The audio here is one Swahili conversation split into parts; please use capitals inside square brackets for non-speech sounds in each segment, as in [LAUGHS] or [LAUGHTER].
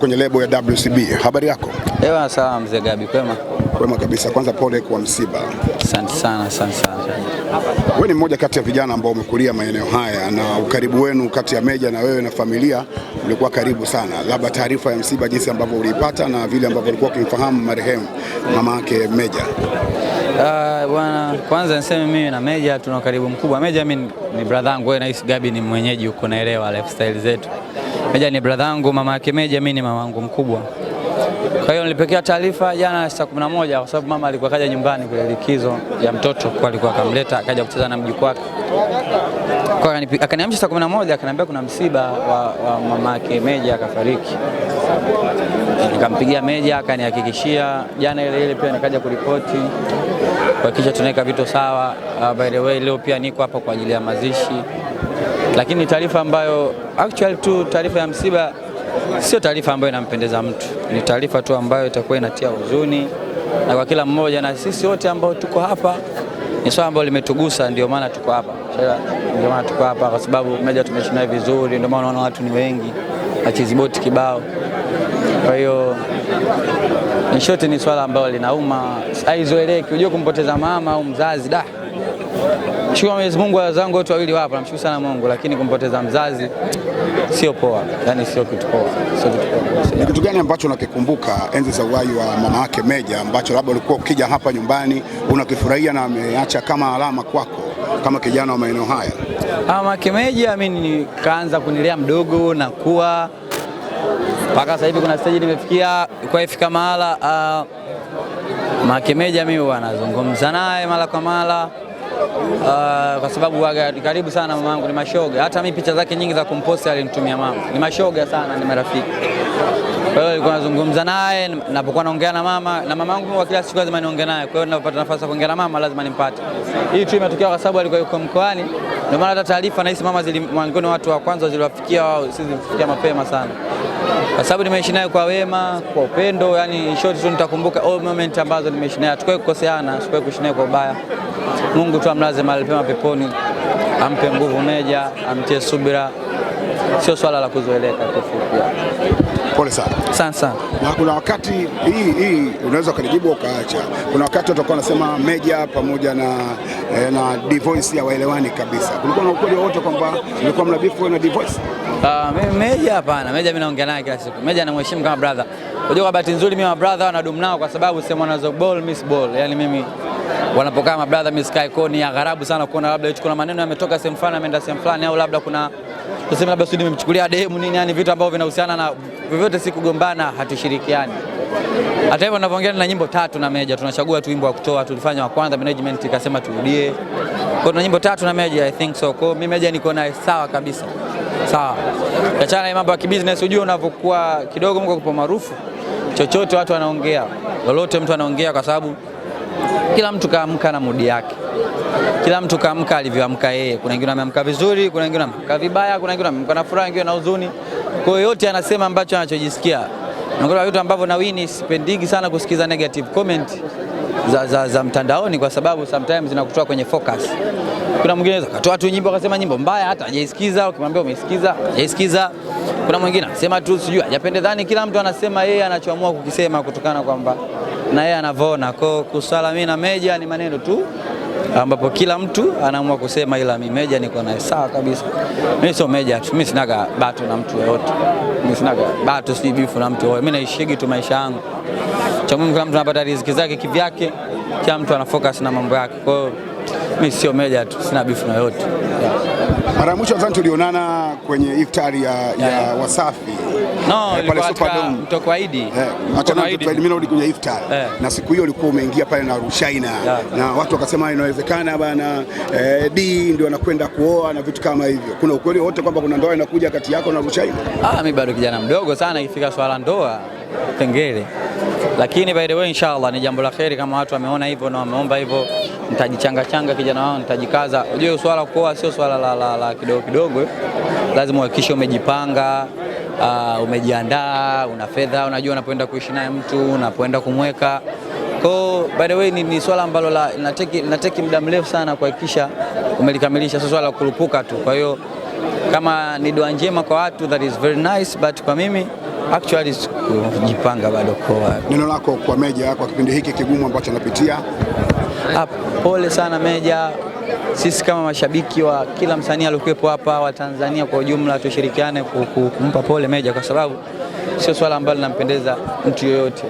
Kwenye lebo ya WCB, habari yako? Ewa, sawa mzee Gabi, kwema? Kwema kabisa. Kwanza pole kwa msiba. Asante sana, asante sana. Wewe ni mmoja kati ya vijana ambao umekulia maeneo haya na ukaribu wenu kati ya Meja na wewe na familia ulikuwa karibu sana. Labda taarifa ya msiba, jinsi ambavyo uliipata na vile ambavyo ulikuwa ukimfahamu marehemu mama yake Meja. Uh, bwana, kwanza niseme mimi na Meja tuna ukaribu mkubwa. Meja mimi ni brother wangu, wewe na Gabi ni mwenyeji huko, naelewa lifestyle zetu Meja ni brother yangu, mama yake Meja mimi ni mama yangu mkubwa. Kwa hiyo nilipokea taarifa jana saa kumi na moja kwa sababu mama alikuwa kaja nyumbani kule likizo ya mtoto, kwa alikuwa akamleta akaja kucheza na mjukuu wake. Kwa hiyo akaniamsha saa kumi na moja akaniambia kuna msiba wa, wa mama yake Meja akafariki. Nikampigia Meja akanihakikishia jana ile ile, pia nikaja kuripoti kuhakikisha tunaweka vitu sawa. Uh, by the way leo pia niko hapa kwa ajili ya mazishi lakini ni taarifa ambayo actually tu taarifa ya msiba sio taarifa ambayo inampendeza mtu, ni taarifa tu ambayo itakuwa inatia huzuni na kwa kila mmoja, na sisi wote ambao tuko hapa ni swala ambalo limetugusa, ndio maana tuko hapa, ndio maana tuko hapa kwa sababu Meja tumeshinda vizuri, ndio maana unaona watu ni wengi na boti kibao. Kwa hiyo ni shoti, ni swala ambalo linauma, haizoeleki. Unajua kumpoteza mama au mzazi da Shukuru Mwenyezi Mungu, wazangu wote wawili wapo, namshukuru sana Mungu, lakini kumpoteza mzazi sio poa, yani sio kitu poa, sio kitu poa. Ni kitu gani ambacho unakikumbuka enzi za uhai wa mama yake Meja ambacho labda ulikuwa ukija hapa nyumbani unakifurahia na ameacha kama alama kwako kama kijana wa maeneo haya? Ah, mama Meja mimi nikaanza kunilea mdogo na kuwa mpaka sasa hivi kuna stage nimefikia kwa ifika mahala uh, Mama Meja mimi wanazungumza naye mara kwa mara Uh, kwa sababu waga ni karibu sana mamangu, ni mashoga. Hata mimi picha zake nyingi za kumposti alinitumia mama. Ni mashoga sana, ni marafiki. Kwa hiyo nilikuwa nazungumza naye, napokuwa naongea na mama na mamangu kwa kila siku lazima niongee naye. Kwa hiyo ninapopata nafasi ya kuongea na mama lazima nimpate. Hii tu imetokea kwa sababu alikuwa yuko mkoani, ndio maana hata taarifa na nahisi mama zilimwangoni, watu wa kwanza ziliwafikia wao, sisi zilifikia mapema sana, kwa sababu nimeishi naye kwa wema, kwa upendo. Yani short tu nitakumbuka all moment ambazo nimeishi naye, Tukoe kukoseana, tukoe kuishi naye kwa ubaya. Mungu tu amlaze mahali pema peponi, ampe nguvu Meja, amtie subira, sio swala la kuzoeleka kifupi. Pole sana. Sana sana. Na kuna wakati hii hii unaweza ukanijibu ukaacha. Kuna wakati watu wakawa wanasema Meja pamoja na eh, na Dvoice hawaelewani kabisa. Kulikuwa na ukweli wote kwamba mlikuwa mlabifu na Dvoice? Ah, uh, Meja hapana. Meja mimi naongea naye kila siku. Meja namheshimu kama brother. Unajua, kwa bahati nzuri mimi na brother wanadumu nao kwa sababu sema wanazo ball miss ball. Yaani mimi wanapokaa mabradha, miskai sikai kwao, ni agharabu sana kuona labda hicho kuna maneno yametoka sehemu fulani ameenda sehemu fulani, au labda kuna tuseme labda Sudi nimemchukulia demu nini, yani vitu ambavyo vinahusiana na vyovyote, si kugombana, hatushirikiani. Hata hivyo ninavyoongea na nyimbo tatu na Meja, tunachagua tu wimbo wa kutoa. Tulifanya wa kwanza, management ikasema turudie, kwa tuna nyimbo tatu na Meja, I think so. Kwa mimi Meja niko naye sawa kabisa, sawa. Achana mambo ya kibusiness, unajua unavyokuwa kidogo mko kwa maarufu, chochote watu wanaongea, lolote mtu anaongea kwa sababu kila mtu kaamka na mudi yake, kila mtu kaamka alivyoamka yeye. Kuna wengine wameamka vizuri, kuna wengine wameamka vibaya, kuna wengine wameamka na furaha, wengine na huzuni. Kwa hiyo yote anasema ambacho anachojisikia. Naona vitu ambavyo na wini sipendigi sana kusikiza negative comment za, za, za mtandaoni kwa sababu sometimes zinakutoa kwenye focus. Kuna mwingine anaweza katoa tu nyimbo akasema nyimbo mbaya hata hajaisikiza, ukimwambia umeisikiza, hajaisikiza. Kuna mwingine anasema tu sijui hajapendezani, kila mtu anasema yeye anachoamua kukisema kutokana kwamba na yeye anavona. Kwa kuswala mimi na Meja ni maneno tu ambapo kila mtu anaamua kusema, ila mimi Meja niko naye sawa kabisa. Mimi sio Meja tu, mimi sinaga bato na mtu yoyote, mimi sinaga bato si bifu na mtu yeyote. Mimi naishigi tu maisha yangu, cha Mungu, kila mtu anapata riziki zake kivyake, kila mtu ana focus na mambo yake. Kwa hiyo mimi sio Meja tu, sina bifu na yoyote. Mara mwisho nadhani tulionana kwenye iftari ya, yeah. Wasafi eh, no, eh, pale Superdome Mtokoaidi eh, mimi narudi kwenye iftari eh. na siku hiyo ulikuwa umeingia pale na Rushaina yeah. na watu wakasema inawezekana bana eh, D ndio anakwenda kuoa na vitu kama hivyo. Kuna ukweli wote kwamba kuna ndoa inakuja kati yako na Rushaina? Ah, mimi bado kijana mdogo sana, ikifika swala ndoa pengele, lakini by the way, inshallah ni jambo la kheri kama watu wameona hivyo na wameomba hivyo nitajichanga changa kijana wao, nitajikaza. Unajua swala kuoa sio swala la, la, la kidogo kidogo, lazima uhakikishe umejipanga, uh, umejiandaa, una fedha, unajua unapoenda kuishi naye mtu, unapoenda kumweka ko. By the way ni, ni swala ambalo linateki muda mrefu sana kuhakikisha umelikamilisha, sio swala la kurupuka tu. Kwa hiyo kama ni doa njema kwa watu, that is very nice, but kwa mimi actually sikujipanga bado kuoa. Neno lako kwa Meja kwa kipindi hiki kigumu ambacho anapitia hapa. Ah, pole sana Meja, sisi kama mashabiki wa kila msanii aliokuwepo hapa wa Tanzania kwa ujumla tushirikiane kumpa pole Meja kwa sababu sio swala ambalo linampendeza mtu yoyote,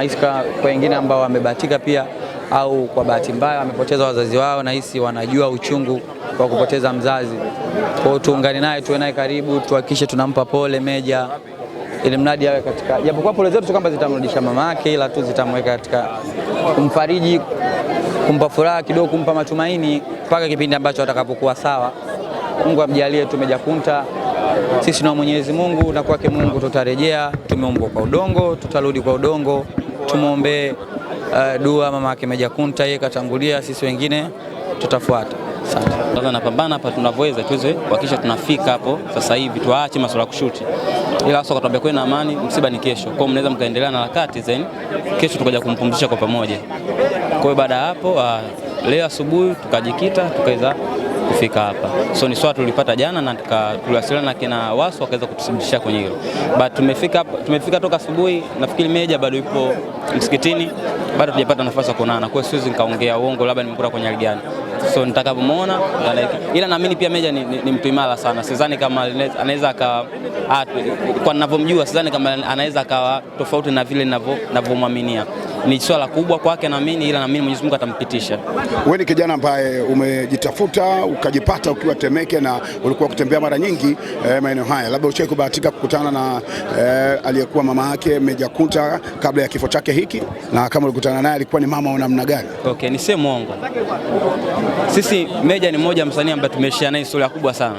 hisi kwa wengine ambao wamebahatika pia au kwa bahati mbaya wamepoteza wazazi wao, na hisi wanajua uchungu kwa kupoteza mzazi. Kwa hiyo tuungane naye, tuwe naye karibu, tuhakikishe tunampa pole Meja ili mradi awe katika, japokuwa pole zetu tu kwamba zitamrudisha mama yake, ila tu zitamweka katika mfariji kumpa furaha kidogo, kumpa matumaini mpaka kipindi ambacho atakapokuwa sawa. Mungu amjalie tumejakunta Sisi na Mwenyezi Mungu na kwake Mungu tutarejea. Tumeumbwa kwa udongo, tutarudi kwa udongo. tumwombe uh, dua mama yake Mejakunta, yeye katangulia, sisi wengine tutafuata. Sasa napambana hapa tunavyoweza tuweze kuhakikisha tunafika hapo sasa hivi, tuache masuala ya kushuti, ila sasa katuambia kwenu na amani, msiba ni kesho kwao, mnaweza mkaendelea na harakati zeni, kesho tukaja kumpumzisha kwa pamoja. Kwa hiyo baada ya hapo uh, leo asubuhi tukajikita tukaweza kufika hapa. So ni swala tulipata jana na tuliwasiliana na kina Waso wakaweza kututhibitishia kwenye hilo. But tumefika tumefika toka asubuhi, nafikiri meja bado yupo msikitini, bado tujapata nafasi ya kuonana. Kwa hiyo siwezi nikaongea uongo, labda nimekuta kwenye hali gani. So like, ila naamini pia meja ni, ni, ni mtu imara sana. Sidhani kama anaweza akawa, ah, kwa ninavyomjua, sidhani kama anaweza akawa tofauti na vile ninavyomwaminia ni swala kubwa kwake, naamini ila naamini Mwenyezi Mungu atampitisha. Wewe ni kijana ambaye umejitafuta ukajipata ukiwa Temeke na ulikuwa kutembea mara nyingi eh, maeneo haya, labda ushawahi kubahatika kukutana na eh, aliyekuwa mama yake Meja Kunta kabla ya kifo chake hiki, na kama ulikutana naye alikuwa ni mama wa namna gani? Okay, ni sema mwongo, sisi Meja ni mmoja msanii ambaye tumeishia naye historia kubwa sana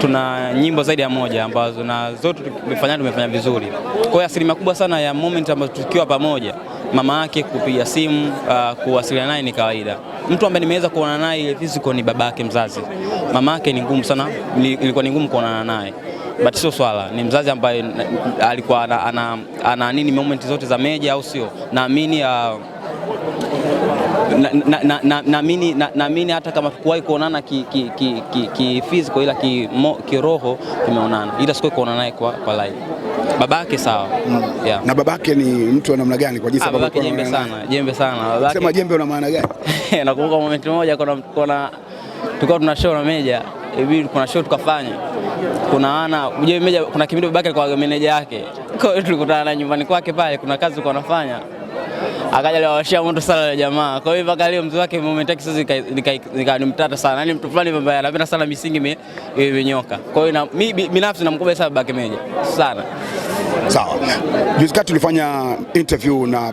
tuna nyimbo zaidi ya moja ambazo na zote tumefanya tumefanya vizuri. Kwa hiyo asilimia kubwa sana ya moment ambazo tukiwa pamoja, mama yake kupiga simu, uh, kuwasiliana naye ni kawaida. Mtu ambaye nimeweza kuonana naye ile physical ni baba yake mzazi. Mama yake ni ngumu sana, ilikuwa ni ngumu kuonana naye but sio swala, ni mzazi ambaye alikuwa ana, ana, ana nini moment zote za meja, au sio? Naamini uh, naamini na, na, na, na, na hata kama kuwahi kuonana kifiziko ki, ki, ki, ki ila kiroho ki tumeonana, ila sikuwahi kuonana naye kwa, kwa live. Babake sawa mm. yeah. na babake ni mtu wa namna gani? Kwa jinsi ah, babake jembe sana, jembe sana babake. Sema jembe una maana gani? [LAUGHS] Eh, nakumbuka moment mmoja kuna kuna, tulikuwa tuna show na Meja hivi, kuna show tukafanya, kuna ana unajua Meja, kuna kipindi babake alikuwa meneja yake, kwa hiyo tulikutana nyumbani kwake pale, kuna kazi alikuwa anafanya akaja aliwawashia moto sana na jamaa. Kwa hiyo mpaka leo mzee wake moment yake sasa nimtata sana, yaani mtu fulani ambaye anapenda sana misingi imenyoka. Kwa hiyo mimi binafsi namkubali sana Babake Meja sana. Sawa, juzi kati tulifanya interview na